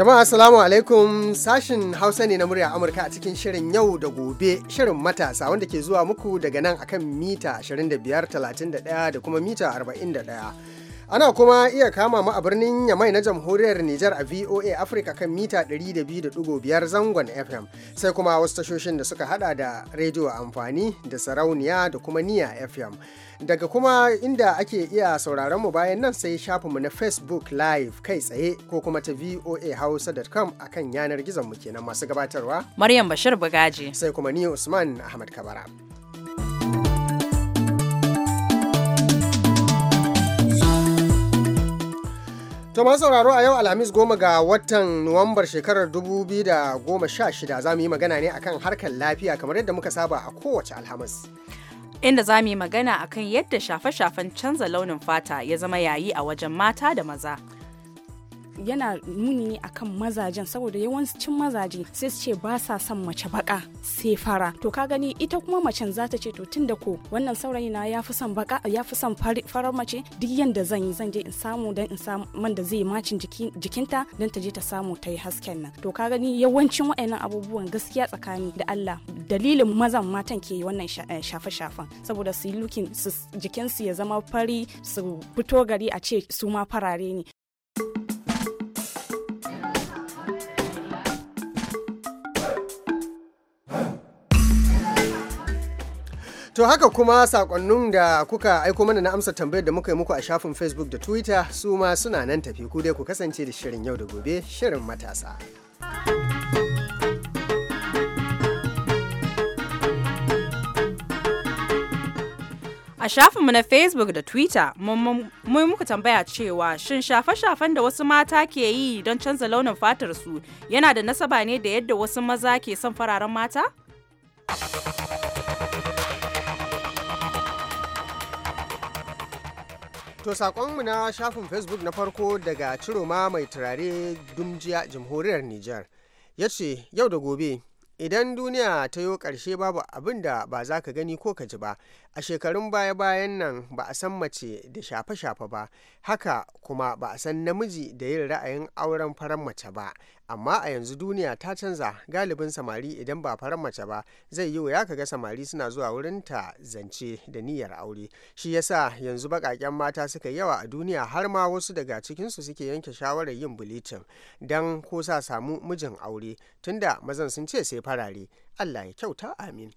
Jama'a Assalamu alaikum sashin Hausa ne na murya Amurka a cikin shirin yau da gobe shirin matasa wanda ke zuwa muku daga nan akan mita 25, 31 da kuma mita 41. Ana kuma iya kama mu a birnin Yamai na jamhuriyar Nijar a VOA Africa kan mita 102.5 zangon FM sai kuma wasu tashoshin da suka hada da rediyo amfani da sarauniya da kuma niya FM. Daga kuma inda ake iya sauraron mu bayan nan sai shafinmu na Facebook Live kai tsaye ko kuma ta voa voahausa.com a kan yanar gizon mu kenan masu gabatarwa. Maryam Bashir Bugaji. Sai kuma ni Usman Ahmad Kabara. To masu sauraro a yau Alhamis goma ga watan Nuwambar shekarar 2016 za mu yi magana ne akan harkar lafiya kamar yadda muka saba a kowace Alhamis. Inda za mu yi magana akan yadda shafe-shafen canza launin fata ya zama yayi a wajen mata da maza. yana nuni ne akan mazajen saboda yawancin mazaje sai su ce ba sa son mace baka sai fara to ka gani ita kuma macen za ta ce to tunda ko wannan saurayi na ya fi son farar mace duk yanda zan yi zan je in samu dan in samu man da zai macin jikinta don ta je ta samu ta yi hasken nan to ka gani yawancin wa'annan abubuwan gaskiya tsakani da Allah dalilin mazan matan ke wannan eh, shafe-shafen saboda su yi lukin jikinsu ya zama fari su fito gari a ce su ma farare ne To haka kuma sakonnin da kuka aiko mana na amsa tambayar da muka yi muku a shafin Facebook da Twitter su ma suna nan tafi ku dai ku kasance da shirin yau da gobe shirin matasa. A shafinmu na Facebook da Twitter, mun muku tambaya cewa shin shafe-shafen da wasu mata ke yi don canza launin fatar su yana da nasaba ne da yadda wasu maza ke son fararen mata? To sakonmu na shafin Facebook na farko daga Ciroma mai turare Dumjiya jamhuriyar Nijar ya ce yau da gobe idan duniya ta yo ƙarshe babu abin da ba za ka gani ko ka ji ba a shekarun baya-bayan nan ba a san mace da shafe-shafe ba haka kuma ba a san namiji da yin ra'ayin auren farar mace ba amma a yanzu duniya ta canza galibin samari idan ba farar mace ba zai yi wuya kaga samari suna zuwa wurin ta zance da niyyar aure shi yasa yanzu baƙaƙen mata suka yawa a duniya har ma wasu daga cikinsu suke yanke shawarar yin bulicin don ko sa samu mijin aure tunda mazan sun ce sai farare allah ya kyauta amin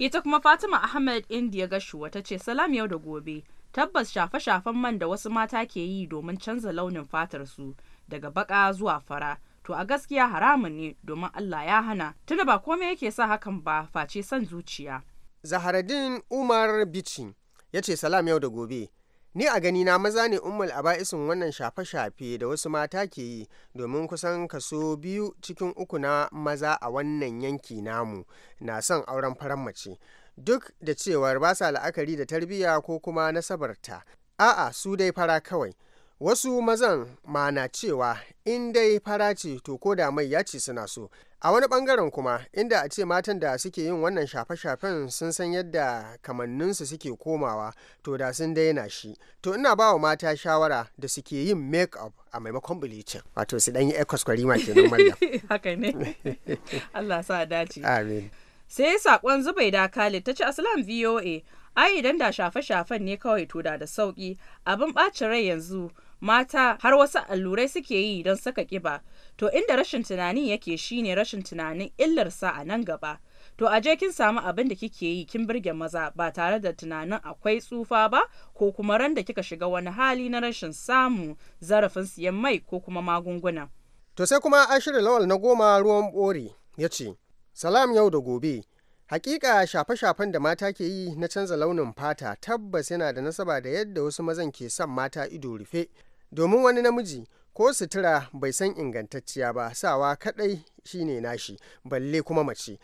ita kuma fatima ahmed india gashuwa ta ce salam yau da gobe tabbas shafe-shafen man da wasu mata ke yi domin canza launin fatar su daga baka zuwa fara to a gaskiya haramun ne domin allah ya hana Tuna ba komai yake sa hakan ba face son zuciya zaharadin umar Bichi ya ce salam yau da gobe Ni a gani na, maza ne ummul aba'isin wannan shafe-shafe da wasu mata ke yi domin kusan kaso biyu cikin uku na maza a wannan yanki namu na son auren farar mace duk da cewar ba sa la'akari da tarbiyya ko kuma nasabarta a'a su dai fara kawai wasu mazan ma na cewa in dai fara ce to ko da mai ya ce suna so a wani bangaren kuma inda a ce matan da suke yin wannan shafe-shafen sun san yadda kamanninsu suke komawa to da sun daina shi to ina ba wa mata shawara da suke yin make-up a maimakon bleaching wato su dan yi ekwaskwarima kenan maryam haka ne allah sa dace amin sai sakon da khalid ta ci aslam voa ai idan da shafe-shafen ne kawai to da da sauki abin bacin rai yanzu mata har wasu allurai suke yi don saka kiba to inda rashin tunani yake shine rashin tunanin illarsa a nan gaba to a je kin samu abin da kike yi kin birge maza ba tare da tunanin akwai tsufa ba ko kuma ran da kika shiga wani hali na rashin samu zarafin siyan mai ko kuma magunguna to sai kuma ashirin lawal na goma ruwan bori ya ce salam yau da gobe Hakika shafe-shafen da mata ke yi na canza launin fata tabbas yana da nasaba da yadda wasu mazan ke son mata ido rufe domin wani namiji ko sutura bai san ingantacciya ba sawa kadai shine nashi balle kuma mace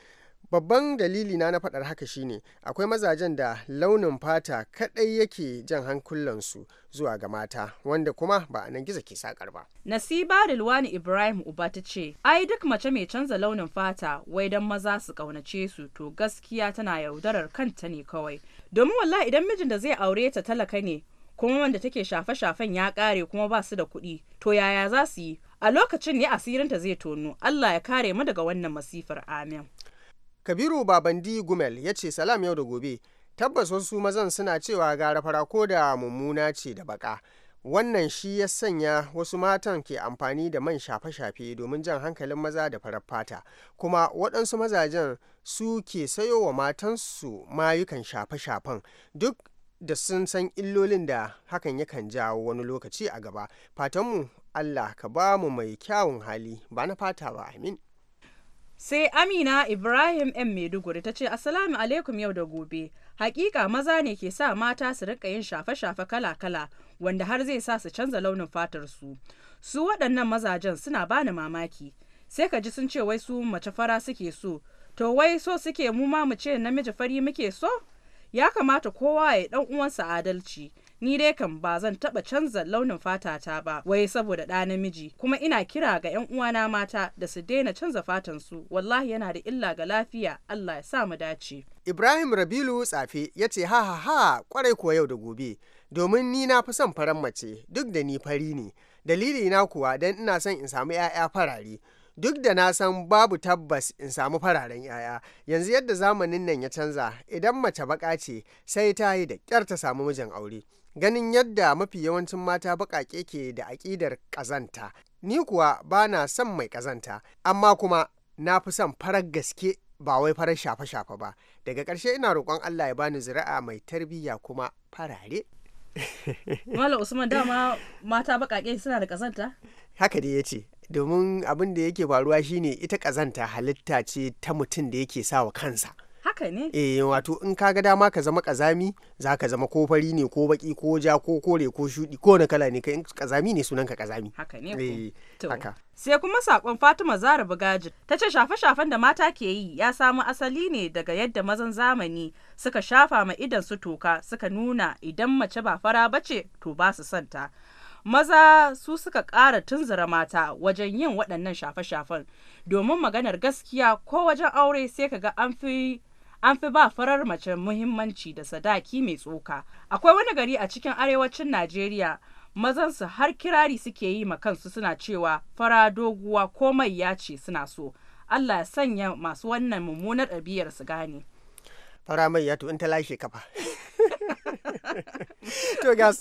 babban dalili na na faɗar haka shine akwai mazajen da launin fata kadai yake jan hankulansu zuwa ga mata wanda kuma ba a nan gizo ke sakar ba. Nasiba Rilwani Ibrahim Uba ta ce, "Ai duk mace mai canza launin fata wai dan maza su kaunace su to gaskiya tana yaudarar kanta ne kawai. Domin wallahi idan mijin da zai aure ta talaka ne kuma wanda take shafe-shafen ya kare kuma ba su da kuɗi to yaya za su yi a lokacin ne asirinta zai tono Allah ya kare mu daga wannan masifar amin Kabiru Babandi Gumel ya ce salam yau da gobe tabbas wasu mazan suna cewa gara fara ko da mummuna ce da baka wannan shi ya sanya wasu matan ke amfani da man shafe-shafe domin jan hankalin maza da farar fata kuma waɗansu mazajen su ke sayo wa matansu mayukan shafe-shafen duk da sun san illolin da hakan yakan jawo wani lokaci a gaba fatanmu allah ka ba mu mai kyawun hali ba na fata ba amin sai amina ibrahim M. maiduguri ta ce assalamu alaikum yau da gobe hakika maza ne ke sa mata su rika yin shafe-shafe kala-kala wanda har zai sa su canza launin fatar su su waɗannan mazajen suna bani mamaki sai ka ji sun ce wai su mace fara suke so to wai so suke mu ma mu ce namiji fari muke so Ya kamata kowa ya yi dan uwansa adalci. Ni dai kan ba zan taɓa canza launin fatata ba wai saboda ɗa namiji kuma ina kira ga 'yan uwana mata da su daina canza fatan su wallahi yana da illa ga lafiya Allah ya sa mu dace. Ibrahim Rabilu Tsafe ya ce ha ha ha kwarai kuwa yau da gobe domin ni na fi son faran mace duk da ni fari ne dalili na kuwa don ina son in samu 'ya'ya farare duk da na san babu tabbas in samu fararen 'ya'ya yanzu yadda zamanin nan ya canza idan mace baƙa ce sai ta yi da ƙyar ta samu mijin aure ganin yadda mafi yawancin mata baƙaƙe ke da aƙidar ƙazanta ni kuwa ba na son mai ƙazanta amma kuma na fi son farar gaske ba wai farar shafe-shafe ba daga ƙarshe ina roƙon Allah ya bani zuri'a mai tarbiyya kuma farare Mala Usman dama mata baƙaƙe suna da ƙazanta? Haka dai ya ce, domin abin da yake faruwa shine ita kazanta halitta ce ta mutum da yake sawa kansa haka ne eh wato in ka ga dama ka zama kazami za ka zama ko fari ne ko baki ko ja ko kore ko shudi ko na kala ne kazami ne sunanka kazami haka ne eh haka sai kuma sakon Fatima Zara bagajin ta ce shafe-shafen da mata ke yi ya samu asali ne daga yadda mazan zamani suka shafa ma idan su toka suka nuna idan mace ba fara bace to ba su santa maza su suka ƙara tunzura mata wajen yin waɗannan shafe-shafen domin maganar gaskiya ko wajen aure sai ka ga an fi an fi ba farar mace muhimmanci da sadaki mai tsoka akwai wani gari a cikin arewacin najeriya su har kirari suke yi ma kansu suna cewa fara doguwa mai ya ce suna so allah ya sanya masu wannan mummunar ɗabi'ar su gane fara mai ya in ta lashe kafa to ga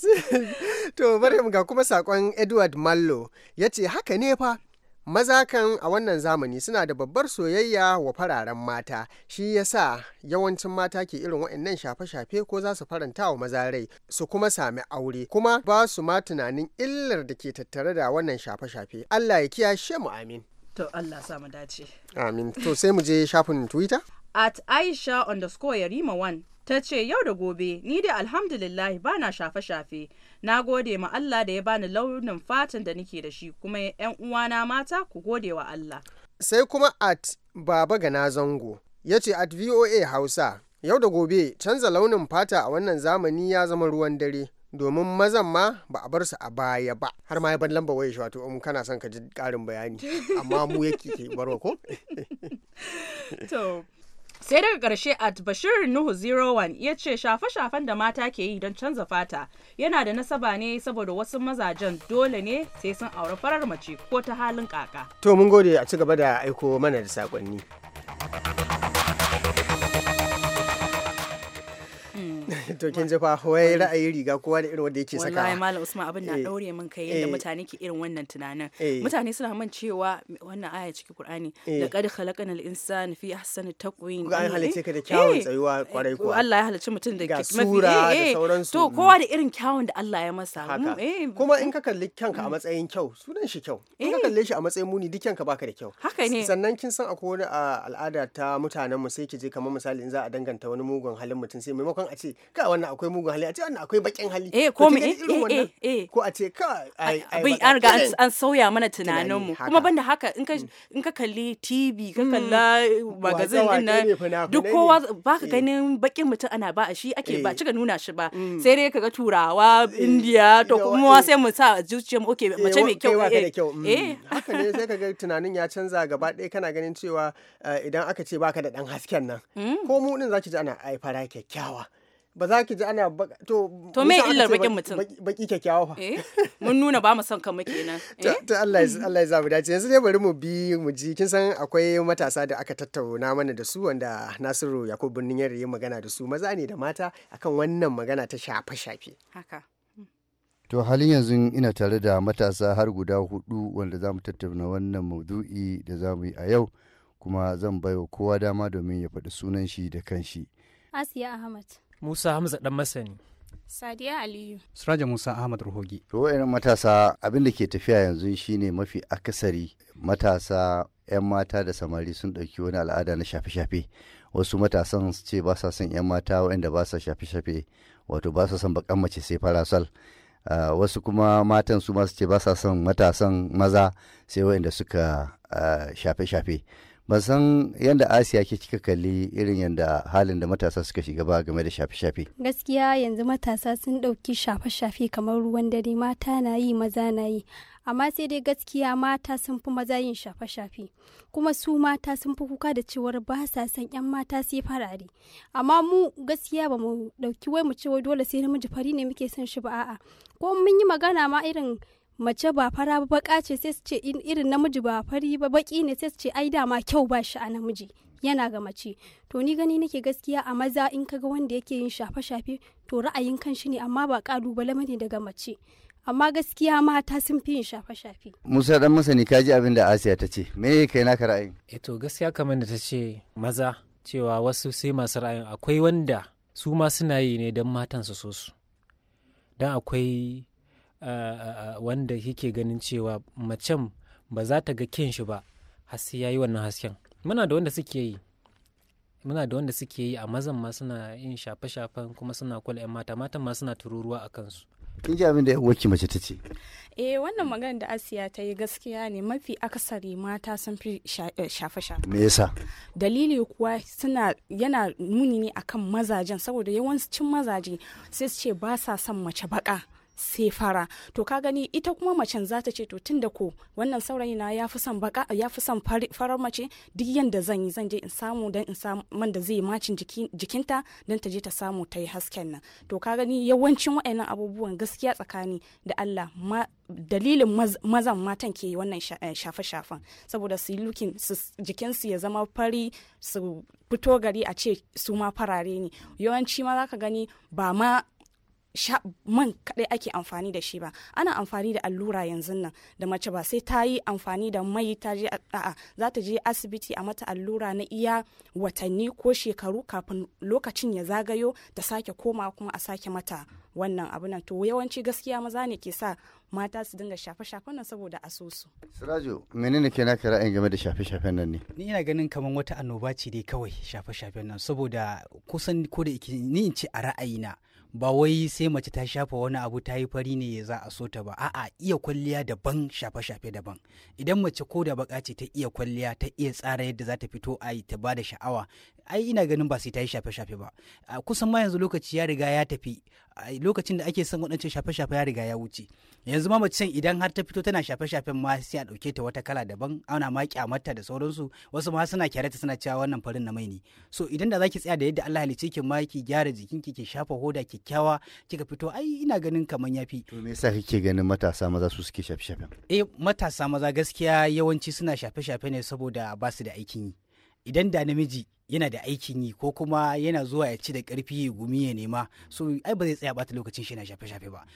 to Maryam ga kuma sakon Edward Mallo ya ce haka ne fa maza kan a wannan zamani suna da babbar soyayya wa fararen mata shi yasa yawancin mata ke irin waɗannan shafe-shafe ko za su faranta wa maza rai su kuma sami aure kuma ba su ma tunanin illar da ke tattare da wannan shafe-shafe Allah ya kiyashe mu amin to Allah sa mu dace amin to sai mu je shafin Twitter at Aisha underscore Yarima 1 ta ce yau da gobe ni dai alhamdulillah bana shafe-shafe na gode ma Allah da ya bani launin fatan da nake da shi kuma yan uwana mata ku gode wa Allah. Sai kuma at Baba Gana Zango ya ce at VOA Hausa yau da gobe canza launin fata a wannan zamani ya zama ruwan dare. domin mazan ma ba a bar su a baya ba har ma ya ban lamba waye wato in umm, kana son ka ji karin bayani amma mu yake ke barwa ko to sai daga ƙarshe at bashir nuhu 01 ya ce shafe-shafen da mata ke yi don canza fata yana da nasaba ne saboda wasu mazajen dole ne sai sun auri farar mace ko ta halin kaka to mun gode a ci gaba da aiko mana da saƙonni to kin ji fa wai ra'ayi riga kowa da irin wanda yake saka wallahi malam usman abin na daure eh, min kai yadda eh. mutane ke irin wannan tunanin eh. mutane suna man cewa wannan aya cikin qur'ani da qad khalaqana al-insana fi ahsani taqwim ga an halice ka da kyawun tsayuwa kwarai ko Allah ya halicci mutum da ke sura da sauransu to kowa da irin kyawun da Allah ya masa mm, kuma in ka kalli kanka a mm. matsayin kyau sunan shi kyau in ka kalle shi a matsayin muni duk kyanka baka da kyau haka ne sannan kin san akwai wani al'ada ta mutanen mu sai ki je kamar misali in za a danganta wani mugun halin mutum sai maimakon a ce ka wannan akwai mugun hali a ce wannan akwai bakin hali eh ko me eh eh, eh eh ko a ce ka abin an riga an eh. sauya mana tunanin mu kuma banda haka in ka mm. in ka kalli TV ka mm. kalla magazin din nan duk kowa baka ganin bakin mutum ana ba a shi ake ba cika nuna shi ba mm. sai dai kaga turawa India to kuma sai mu sa zuciya mu okay mace mai kyau eh haka ne sai kaga tunanin ya canza gaba ɗaya kana ganin cewa idan aka ce baka da dan hasken nan ko mu din zaki ji ana ai fara kyakkyawa ba za ki ji ana to to me illar bakin mutum baki kyakkyawa fa eh, mun nuna ba mu son muke kenan eh? to Allah ya Allah ya zamu dace yanzu ne bari mu bi mu ji kin san akwai matasa da aka tattauna mana da su wanda Nasiru Yakubu Birnin Yare ya magana da su maza ne da mata akan wannan magana ta shafe shafe haka To halin yanzu ina tare da matasa har guda hudu wanda za mu tattauna wannan maudu'i da za mu yi a yau kuma zan baiwa kowa dama domin ya faɗi sunan shi da kanshi. Asiya Ahmad. Musa Hamza dan masani. Sadiya Aliyu. Suraja Musa Ahmad Ruhogi. To wayannan matasa abin da ke tafiya yanzu shine mafi akasari matasa 'yan mata da samari sun ɗauki wani al'ada na shafe-shafe. Wasu matasan su ce ba sa son 'yan mata waɗanda ba sa shafe-shafe wato ba sa son bakan mace sai farasal. Uh, wasu kuma matan su masu ce ba sa son matasan maza sai waɗanda suka uh, shafe-shafe. ban san yadda asiya ke kika kalli irin yadda halin da matasa suka shiga ba game da shafe-shafe gaskiya yanzu matasa sun ɗauki shafe-shafe kamar ruwan dare mata na yi maza na yi amma sai dai gaskiya mata sun fi maza yin shafe-shafe kuma su mata sun fi kuka da cewar ba sa san yan mata sai farare amma mu gaskiya ba mu ɗauki wai mu ce wai dole sai namiji fari ne muke son shi ba a'a ko mun yi magana ma irin mace ba fara ba baka ce sai su ce irin namiji ba fari ba baki ne sai su ce ai dama kyau ba shi a namiji yana ga mace to ni gani nake gaskiya a maza in kaga wanda yake yin shafe-shafe to ra'ayin kan shi ne amma ba kalubale ne daga mace amma gaskiya mata sun fi yin shafe-shafe musa dan masani ka ji abin da asiya ta ce me kai naka ra'ayin eh to gaskiya kamar da ta ce maza cewa wasu sai masu ra'ayin akwai wanda su ma suna yi ne don matan su so su don akwai wanda yake ganin cewa macen ba za ta ga kin shi ba har sai yayi wannan hasken muna da wanda suke yi muna da wanda suke yi a mazan ma suna yin shafe-shafen kuma suna kula 'yan mata matan ma suna tururuwa a kansu kin ji abin da wacce mace ta ce eh wannan magana da asiya ta yi gaskiya ne mafi akasari mata sun fi eh, shafe-shafe me yasa dalili kuwa suna yana nuni ne akan mazajen saboda yawancin mazaje sai su ce ba sa son mace baka sai fara to ka gani ita kuma macen za ta ce to tun da ko wannan saurayi na ya fi son baka ya fi son farar mace duk yanda zan yi zan je in samu dan in samu man da zai macin jikinta dan ta je ta samu ta yi hasken nan to ka gani yawancin wa'annan abubuwan gaskiya tsakani da Allah dalilin mazan matan ke wannan eh, shafe-shafen saboda su lukin jikinsu ya zama fari su fito gari a ce su ma farare ne yawanci ma za ka gani ba ma man kaɗai ake amfani da shi ba ana amfani da allura yanzu nan da mace ba sai ta yi amfani da mai ta je a'a za ta je asibiti a mata allura na iya watanni ko shekaru kafin lokacin ya zagayo ta sake koma kuma a sake mata wannan abu nan to yawanci gaskiya maza ne ke sa mata su dinga shafe-shafen nan saboda a Sirajo, menene ke naka ra'ayin game da shafe-shafen nan ne? Ni ina ganin kamar wata annoba ce dai kawai shafe-shafen nan saboda kusan ko da ni in ce a ra'ayina ba wai sai mace ta shafa wani abu ta yi fari ne ya za a so ta ba a'a iya kwalliya daban shafe-shafe daban idan mace ko da baka ce ta iya kwalliya ta iya tsara yadda za ta fito a ta ba da sha'awa ai ina ganin ba su ta yi shafe-shafe ba kusan ma yanzu lokaci ya riga ya tafi lokacin da ake son waɗancan shafe-shafe ya riga ya wuce yanzu ma mace idan har ta fito tana shafe-shafen ma sai a dauke ta wata kala daban ana ma kyamata da sauransu wasu ma suna kyarata suna cewa wannan farin na mai ne so idan da zaki tsaya da yadda Allah halice ki ma ki gyara jikin ki ki shafa hoda kyakkyawa kika fito ai ina ganin kaman yafi to me yasa kike ganin matasa maza su suke shafe-shafen eh matasa maza gaskiya yawanci suna shafe-shafe ne saboda ba su da aikin yi idan da namiji yana da aikin yi ko kuma yana zuwa ya ci da karfi ya gumi ya nema so ai ba zai tsaya bata lokacin shi na shafe shafe ba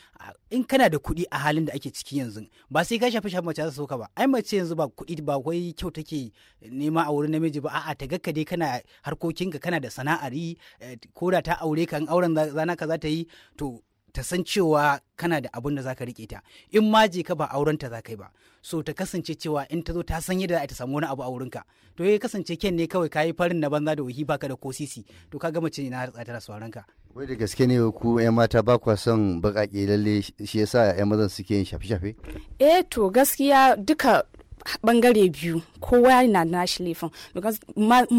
in kana da kuɗi a halin da ake ciki yanzu ba sai ka shafe shafe mace za sauka ba ai mace yanzu ba kuɗi ba wai kyau take nema a wurin namiji ba a'a ta gaka dai kana harkokinka kana da sana'ari eh, ko da ta aure ka in auren zana ka za ta yi to ta san cewa kana da abin da zaka rike ta in ma je ka ba auren ta zaka yi ba so ta kasance cewa in ta zo ta san yadda ta samu wani abu a wurinka to ya kasance ken ne kawai kayi farin na banza da wahi baka da ko sisi to ka gama ce na ratsa ta sauran ka wai da gaske ne ku ƴan mata ba kwa son baƙaƙe lalle shi yasa ƴan mazan suke yin shafe-shafe eh to gaskiya duka bangare biyu kowa na da nashi laifin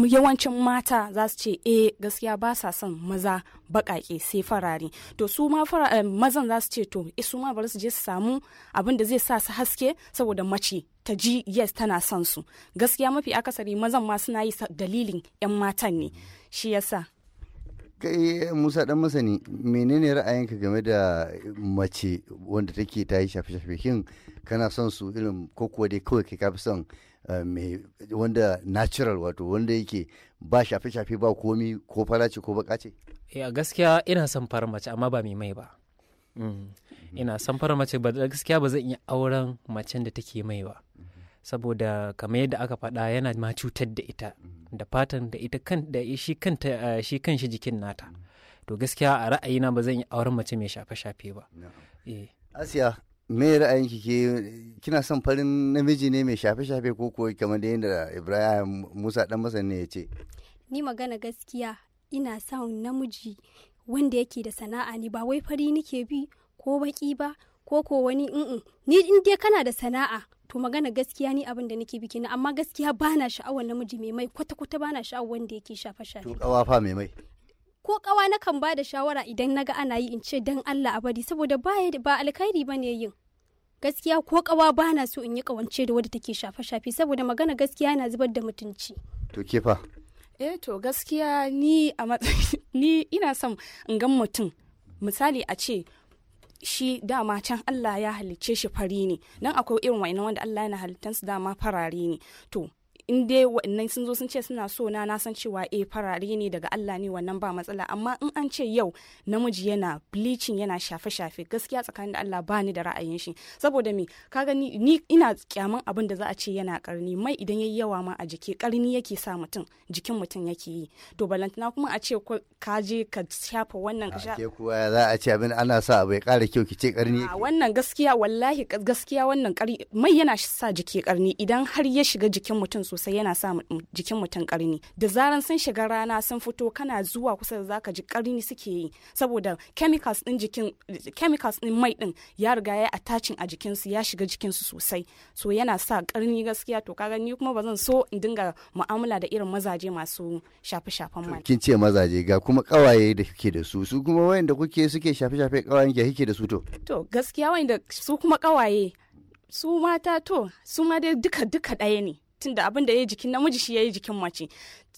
yawancin mata za su ce eh gaskiya ba sa son maza bakake sai farare to su ma eh, mazan za su ce to eh, su ma bari su je su samu abin da zai sa su haske saboda mace ta ji yes tana son su gaskiya mafi akasari mazan ma suna yi dalilin 'yan matan ne shi yasa kai musa dan masani menene ra'ayinka game da mace wanda take ta yi shafe-shafe shin kana son su irin ko kuwa dai kawai kai kafi son eh, mai wanda natural wato wanda yake ba shafe-shafe ba komi ko fara ce ko baka ce eh, a gaskiya ina son fara mace amma ba mai mai ba mm. mm-hmm. ina son fara mace ba gaskiya ba zan iya auren macen da take mai ba saboda kamar yadda aka faɗa yana ma cutar da ita mm. da fatan da ita kan da shi kanta eh, shi kan shi jikin nata to gaskiya a ra'ayina ba zan yi auren mace mai shafe-shafe ba eh. asiya me ra'ayin ki ke kina son farin namiji ne mai shafe-shafe ko ko kamar da yadda Ibrahim Musa dan masan ne ya ce ni magana gaskiya ina son namiji wanda yake da sana'a ne ba wai fari nike bi ko baki ba ko ko wani ni in dai kana da sana'a to magana gaskiya ni abin da nake biki na amma gaskiya bana sha'awar namiji mai mai kwata kwata bana sha'awar wanda yake shafa shafe to kawa fa mai mai ko kawa na kan bada shawara idan na ga ana yi in ce dan Allah a bari saboda ba ba ne yin gaskiya ko kawa bana so in yi kawance da wadda take shafe shafe saboda magana gaskiya na zubar da mutunci to ke fa eh to gaskiya ni a ni ina son in ga mutum misali a ce shi dama can Allah ya halicce shi fari ne nan akwai irin wani wanda Allah yana halittansu dama farare ne to in dai wa'annan sun zo sun ce suna so na na san cewa eh farare ne daga Allah ne wannan ba matsala amma in an ce yau namiji yana bleaching yana shafe shafe gaskiya tsakanin da Allah ba ni da ra'ayin shi saboda me ka gani ni ina kyaman abin da za a ce yana karni mai idan yayi yawa ma a jiki karni yake sa mutum jikin mutum yake yi to balantana kuma a ce ka je ka shafa wannan ka sha kuwa za a ce abin ana sa bai kara kyau ki ce karni wannan gaskiya wallahi gaskiya wannan mai yana sa jiki karni idan har ya shiga jikin mutum sosai sosai yana sa jikin mutum karni da zaran sun shiga rana sun fito kana zuwa kusa da zaka ji karni suke yi saboda chemicals din jikin chemicals din mai din ya riga ya attaching a jikin su ya shiga jikin su sosai so yana sa karni gaskiya to kaga ni kuma bazan so in dinga mu'amala da irin mazaje masu shafe-shafen mai kin ce mazaje ga kuma kawaye da kike da su su kuma wayanda kuke suke shafe-shafe kawayen ke kike da su to to gaskiya wayanda su kuma kawaye su mata to su ma dai duka duka daya ne tunda abin da ya yi jikin namiji shi ya yi jikin mace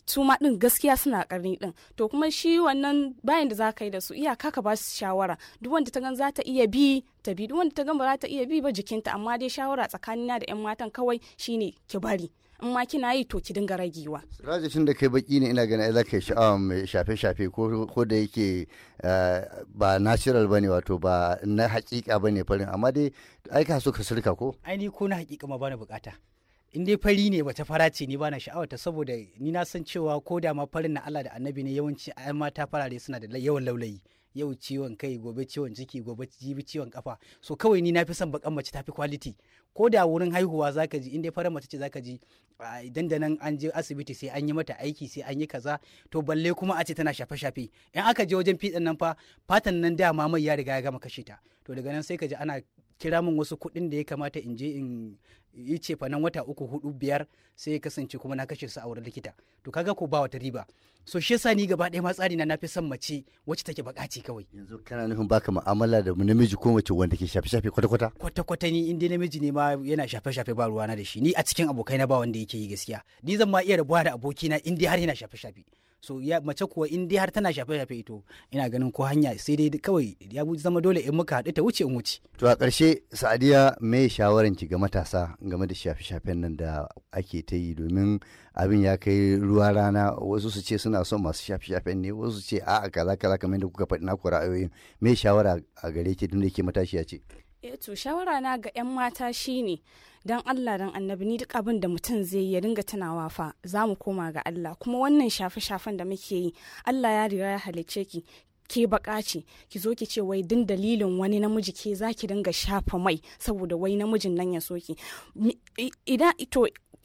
su ma din gaskiya suna karni din to kuma shi wannan bayan da za ka yi da su iyaka ka ba su shawara duk wanda ta gan za ta iya bi ta bi duk wanda ta gan ba za ta iya bi ba jikinta amma dai shawara tsakanina da yan matan kawai shine ki bari in ma kina yi to ki dinga ragewa. tun da kai baki ne ina ganin za ka sha'awa mai shafe-shafe ko da yake eh, ba natural ne wato ba na hakika ba ne farin amma dai ai ka so ka sirka ko? Aini ko na hakika ma na bukata. in dai fari ne bata fara ce ni bana sha'awata saboda ni na san cewa ko da ma farin na Allah da Annabi ne yawanci 'yan mata farare suna da yawan laulayi yau ciwon kai gobe ciwon ciki gobe jibi ciwon kafa so kawai ni na fi son bakan mace ta fi quality ko da wurin haihuwa zaka ji in dai farin mace ce zaka ji idan da nan an je asibiti sai an yi mata aiki sai an yi kaza to balle kuma a ce tana shafe shafe in aka je wajen fiɗan nan fa fatan nan dama mai ya riga ya gama kashe ta to daga nan sai ka ji ana kira min wasu kuɗin da ya kamata in je in yi ce fa nan wata uku hudu biyar sai ya kasance kuma na kashe su a wurin likita to kaga ko ba wata riba so shi yasa ni gaba ɗaya ma tsari na nafi son mace wacce take bakaci kawai yanzu kana nufin baka mu'amala da namiji ko mace wanda ke shafe shafe kwata kwata kwata kwata ni namiji ne ma yana shafe shafe ba ruwana da shi ni a cikin abokai na ba wanda yake yi gaskiya ni zan ma iya rabuwa da abokina indi har yana shafe shafe so ya mace kuwa in dai har tana shafe shafe ito ina ganin ko hanya sai dai kawai ya zama dole in muka haɗu ta wuce in wuce to a ƙarshe sa'adiya me shawaran ki ga matasa game da shafe shafen nan da ake ta yi domin abin ya kai ruwa rana wasu su ce suna son masu shafe shafen ne wasu su ce a'a kaza kaza kamar yadda kuka faɗi na naku ra'ayoyin me shawara a gare ki tun da ke matashiya ce Eh, to shawara na ga 'yan mata shine don Allah don annabi ni duk abin da mutum zai yi ya dinga tunawa fa za mu koma ga Allah kuma wannan shafe-shafen da muke yi Allah ya riga ya halicce ki ke bakaci ki zo ki ce wai din dalilin wani namiji ke za ki dinga shafa mai saboda wai namijin nan ya soki idan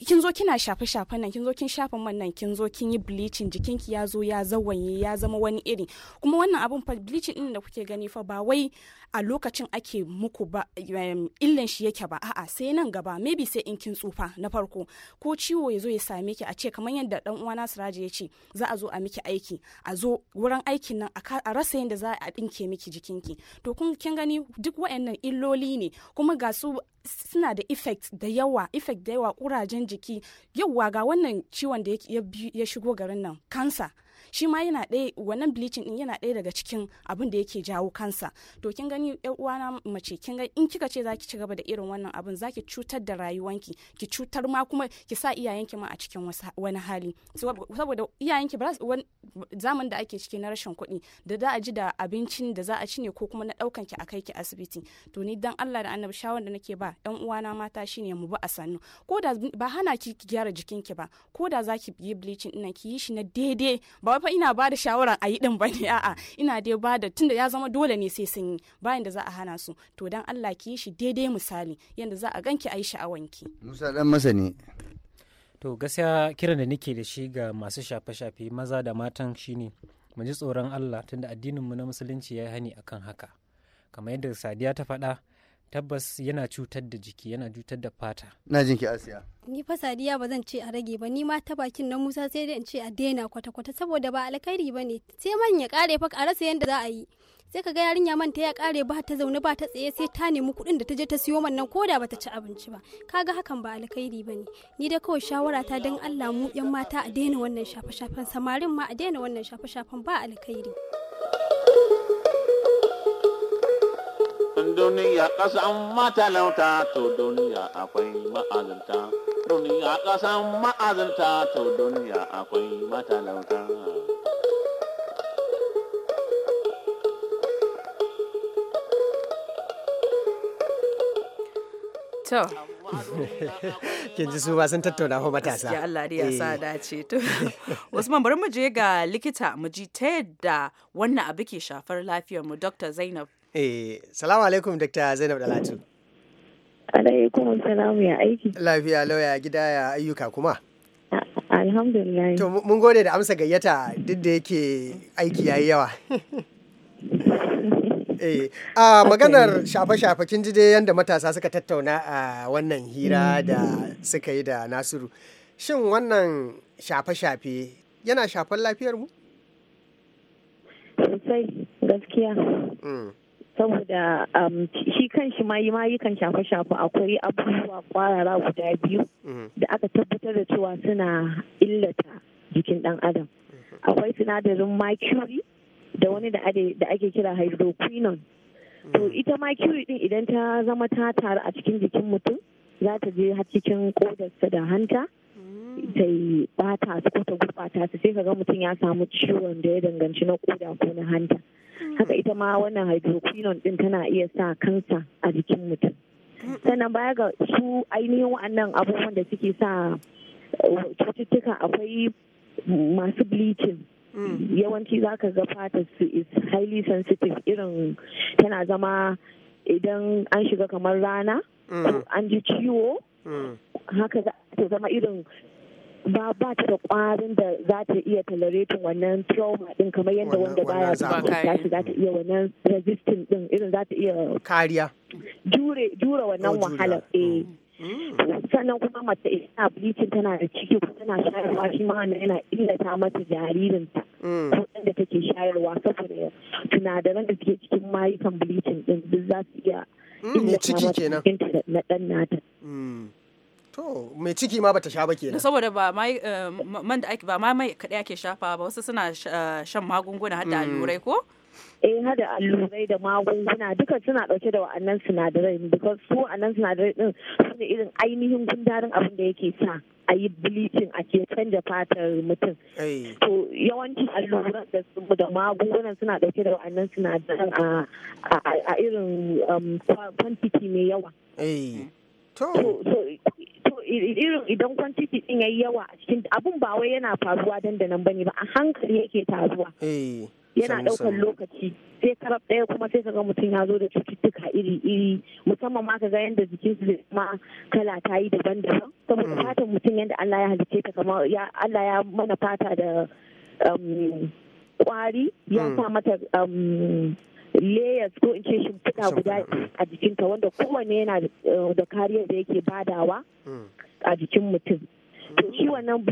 kin zo kina shafe shafe nan kin zo kin shafa man nan kin zo kin yi bleaching jikinki ya zo ya zawanye ya zama wani iri kuma wannan abun fa bleaching din da kuke gani fa ba wai a lokacin ake muku ba illan shi yake ba a'a sai nan gaba maybe sai in kin tsufa na farko ko ciwo ya zo ya same ki a ce kamar yadda dan uwana Siraji ya ce za a zo a miki aiki a zo wurin aikin nan a rasa yadda za a dinke miki jikinki to kun kin gani duk waɗannan illoli ne kuma ga su suna da effect da yawa effect da yawa kurajen jiki yauwa ga wannan ciwon da ya shigo garin nan kansa shi ma yana ɗaya wannan bleaching din yana ɗaya daga cikin abin da yake jawo kansa to kin gani yan uwana mace kin ga in kika ce zaki ci gaba da irin wannan abin zaki cutar da rayuwanki ki cutar ma kuma ki sa iyayenki ma a cikin wani hali saboda iyayenki ba zaman da ake ciki na rashin kuɗi da za a ji da abincin da za a ci ne ko kuma na ɗaukan ki a kai ki asibiti to ni dan Allah da annabi shawar da nake ba yan uwana mata shine mu bi a sannu ko da ba hana ki ki gyara jikinki ba ko da zaki yi bleaching ɗin ki yi shi na daidai ba ba ina ba da shawara a yi din ba ne a'a ina dai ba da tunda ya zama dole ne sai sun yi bayan da za a hana su to dan Allah ki yi shi daidai misali yanda za a ganki a yi sha'awanki. Musa dan masani. To gaskiya kiran da nake da shi ga masu shafe-shafe maza da matan shine mu ji tsoron Allah tunda addinin mu na musulunci ya hani akan haka. Kamar yadda Sadiya ta faɗa tabbas yana cutar da jiki yana cutar da fata na jinki asiya ni fa sadiya ba zan ce a rage ba ni ma ta bakin na musa sai dai in ce a daina kwata-kwata saboda ba alkhairi ba ne sai man ya kare fa a rasa yadda za a yi sai ka ga yarinya man ta ya kare ba ta zaune ba ta tsaye sai ta nemi kuɗin da ta je ta siyo man nan koda ba ta ci abinci ba kaga hakan ba alkhairi ba ne ni da kawai shawara ta don allah mu yan mata a daina wannan shafe-shafen samarin ma a daina wannan shafe-shafen ba alkhairi duniya kasan matalauta to duniya akwai ma'azinta duniya kasan ma'azinta to duniya akwai matalauta To. Kin ji su ba sun tattauna ko matasa. Ya Allah ya sa eh. dace. To, wasu bari mu je ga likita mu ji ta yadda wannan abu ke shafar lafiyar mu Dr. Zainab Eh, salamu alaikum Dr. Zainab Dalatu. Alaikum salamu ya aiki. Lafiya lauya gida ya ayyuka kuma. Alhamdulillah. To mun gode da amsa gayyata duk da yake aiki yayi yawa. Eh, a maganar shafe-shafe kin ji dai yadda matasa suka tattauna a wannan hira da suka yi da Nasiru. Shin wannan shafe-shafe yana shafar lafiyar mu? Sosai gaskiya. Mm. saboda um, shi kan shi ma yi ma shafa shafa akwai abubuwa kwarara guda biyu mm-hmm. da aka tabbatar da cewa suna illata jikin dan adam mm-hmm. akwai sinadarin mercury da wani da ake kira hydroquinone to mm-hmm. ita mercury din idan ta zama ta taru a cikin jikin mutum za ta je har cikin kodarsa da hanta ta yi bata su ko ta gurbata su sai ka ga mutum ya samu ciwon da ya danganci na koda ko na hanta haka ita ma wannan hydroquinone din tana iya sa kansa a jikin mutum sannan baya ga su ainihin wa'annan abubuwan da suke sa eh, cututtuka akwai masu bleaching yawanci za ka ga fata su is highly sensitive irin tana zama idan an shiga kamar rana mm. an ji ciwo mm. haka za ta zama irin ba ba ta da kwarin da za ta iya tolerating wannan trauma din kamar yadda wanda baya shi za ta iya wannan resisting din irin za ta iya kariya jure jure wannan oh, wahala eh mm. Mm. sannan kuma mace ina bleaching tana da ciki ko tana shayarwa shi ma yana illata mata jaririnta mm. ko ɗan da take shayarwa saboda sinadaran da suke cikin mayukan bleaching din duk za su iya illata mata na ɗan nata to mai ciki ma bata sha ba nan. saboda ba mai eh, man da ake ba mai mai kadai ake shafa ba wasu suna shan magunguna har da mm. allurai ko eh hada allurai da magunguna duka suna dauke da wa'annan sinadarai because su wa'annan sinadarai din ne irin ainihin gundarin abin da yake sa a yi bleaching a ke canja fatar mutum to yawancin alluran da da magungunan suna dauke da wa'annan sinadaran a irin quantity um, mai yawa to irin idan kwantiti din yayi yawa a cikin abun ba wai yana faruwa dandanan bane ba a hankali yake taruwa eh, yana ɗaukar lokaci sai karab ɗaya kuma sai kaga mutum ya zo da cututtuka iri-iri musamman ma kaga yadda jikin su ma kala ta yi daban-daban saboda mm. fatan mutum yadda Allah ya halice ta kamar Allah ya mana fata da um, kwari ya mm. sa mata um, layers ko in ce shimfiɗa guda a jikinka wanda kowane yana eh, da kariyar da yake badawa hmm. a jikin mutum to shi hmm. wannan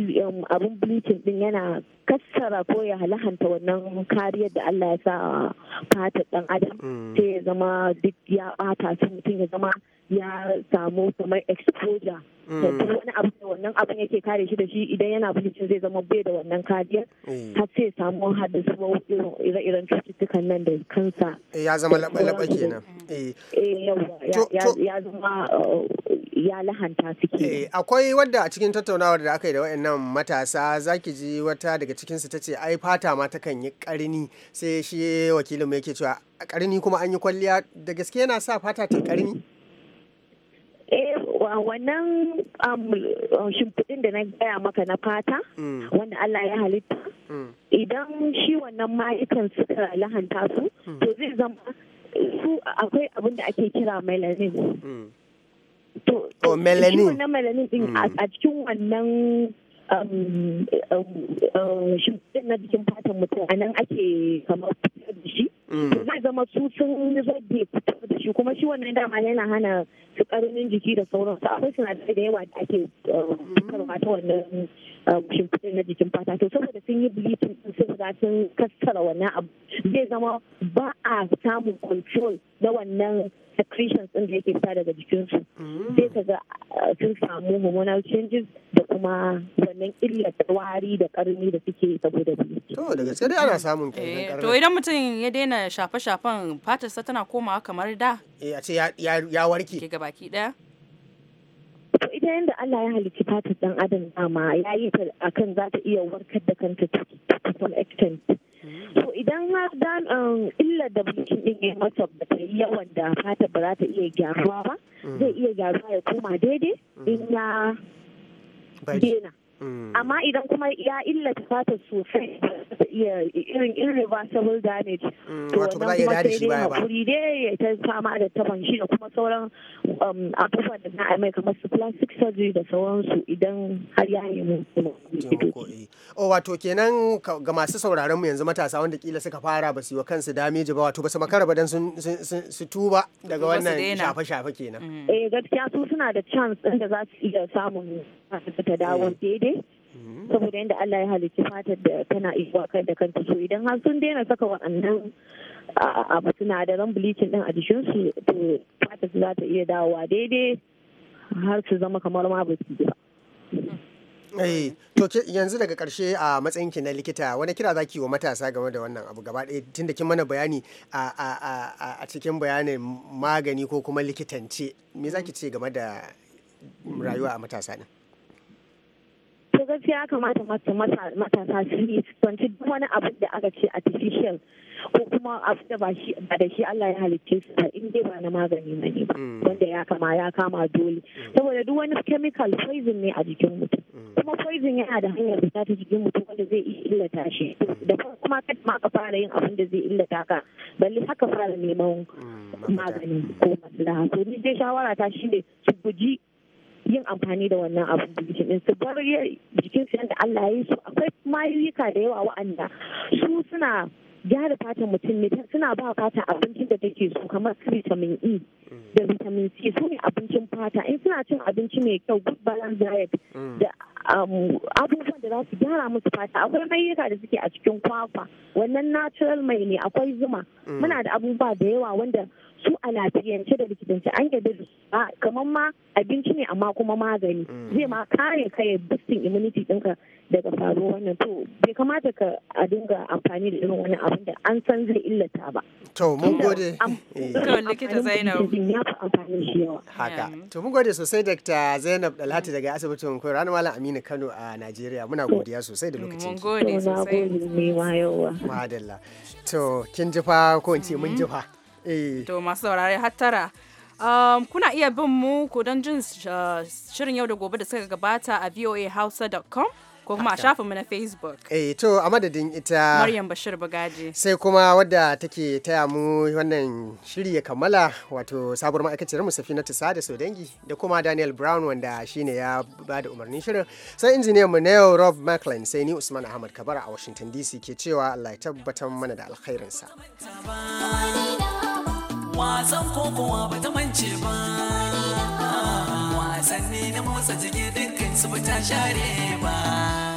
abun bleaching din yana kassara ko ya halahanta wannan kariyar da Allah ya sa fata dan adam hmm. sai ya zama duk ya bata su mutum ya zama ya samu kamar exposure mm. da wani abu da wannan abin yake kare shi da shi idan yana bilicin zai zama bai da wannan kariyar mm. har sai samu hada su ire-iren cututtukan nan da kansa eh, ya zama laɓa-laɓa kenan eh. Eh, ya zama ya lahanta ke akwai wadda a cikin tattaunawar da aka yi da waɗannan matasa zaki ji wata daga cikinsu su tace ai fata ma takan yi karini sai shi wakilin mu yake cewa karini kuma an yi kwalliya da gaske yana sa fata ta ƙarni wannan um, shimfiɗin da na gaya maka na fata mm. wanda Allah ya halitta mm. idan shi wannan ma'aikan suka lahanta su mm. to zai zama su akwai abin da ake kira melanin to oh, melanin din a cikin wannan um, um, shimfiɗin na jikin fatan mutum a nan ake kamar fitar da shi Mm. zai zama su sun rage da shi kuma shi wannan dama yana hana su karnin jiki da sauransu akwai sinadarai da yawa da ake uh, fitarwa ta wannan uh, shimfiɗin na jikin fata to saboda sun yi bilitin sun riga sun kassara wannan abu zai zama ba a samun control na wannan secretions din da yake fita daga jikinsu sai ka ga ah, sun samu hormonal changes da kuma wannan illar wari da karni da suke saboda bleach to da gaske dai ana samun kenan eh, to idan mutum ya daina shafe-shafen sa tana komawa kamar da eh a ce ya warke ke gabaki daya to idan yadda Allah ya halicci fatar dan adam dama yayi ta akan za ta iya warkar da kanta to some extent To idan har dan um, illar da bikin din ya mata ba ta yi yawan da fata ba za ta iya gyaruwa ba mm. zai iya gyaruwa ya koma daidai mm. in ya daina. Mm. amma idan kuma ya illata fata sosai da iya irin irreversible damage mm. to wannan kuma sai dai hakuri dai ya ta fama da taban shi da kuma sauran um, abubuwan da na mai kamar su plastic surgery da sauransu idan har ya nemi o oh, wato kenan ga masu sauraron mu yanzu matasa wanda kila suka fara ba su yi wa kansu damage ba wato ba su makara ba dan su tuba daga wannan shafe-shafe kenan mm. eh gaskiya su suna da chance din da za su iya samun ta dawo mm. daidai mm. saboda yadda Allah ya halicci fata da tana iya kai da kanta so idan har sun daina saka waɗannan abu ran bleaching din a su to fatar za ta iya dawowa daidai har su zama kamar ma ba su ba. Eh, to yanzu daga karshe a matsayin ki na likita wani kira za ki wa matasa game da wannan abu gaba ɗaya tunda kin mana bayani a cikin bayanin magani ko kuma likitance me za ki ce game da rayuwa a matasa din gaskiya kamata matasa su yi kwanci duk wani abu da aka ce artificial ko kuma abu da ba shi da shi Allah ya halicce su ba in dai ba na magani ba ne ba mm. wanda ya kama ya kama dole mm. saboda duk wani chemical poison ne a jikin mutum mm. kuma poison yana da hanyar da ta jikin mutum wanda zai iya illata shi da kuma kada ma ka fara yin abin da zai illata ka balle haka fara neman magani ko maslaha to ni dai shawara ta ne su guji yin amfani da wannan abin jikin din su bar jikin su yadda Allah ya yi su akwai mayuka da yawa wa'anda su suna gyara fatan mutum ne suna ba fata abincin da take so kamar su vitamin E da vitamin C su ne abincin fata in suna cin abinci mai kyau good balance diet mm. da um, abubuwan da za su gyara musu fata akwai mayuka da suke a cikin kwakwa wannan natural mai ne akwai zuma mm. muna da abubuwa da yawa wanda su a lafiyance da likitanci an yarda da su kamar ma abinci ne amma kuma magani mm. zai ma kare kai boosting immunity dinka daga faruwar wannan to bai kamata ka a dinga amfani da irin wani abin da an san zai illata ba to mun gode eh. to likita Zainab amfani shi yawa haka to mun gode sosai Dr. Zainab Dalhati daga asibitin Koyar ranar Malam Aminu Kano a nigeria muna godiya sosai da lokacin mun gode sosai madalla to kin jifa ko in ce mun jifa Eh. to masu saurare hattara Um, kuna iya bin mu ku don jin uh, shirin yau da gobe da suka gabata a voahausa.com ko kuma a shafinmu na facebook eh to a madadin ita maryam bashir bagaji sai kuma wadda take taya mu wannan shiri ya kammala wato sabuwar ma'aikaciyar mu safina tisa da dangi da kuma daniel brown wanda shine ya ba da umarnin shirin sai injiniyan mu yau rob macklin sai ni usman ahmad kabara a washington dc ke cewa allah ya tabbatar mana da alkhairinsa wasan kokowa ba ta mance ba wasanni na motsa jiki dukkan su ba ta share ba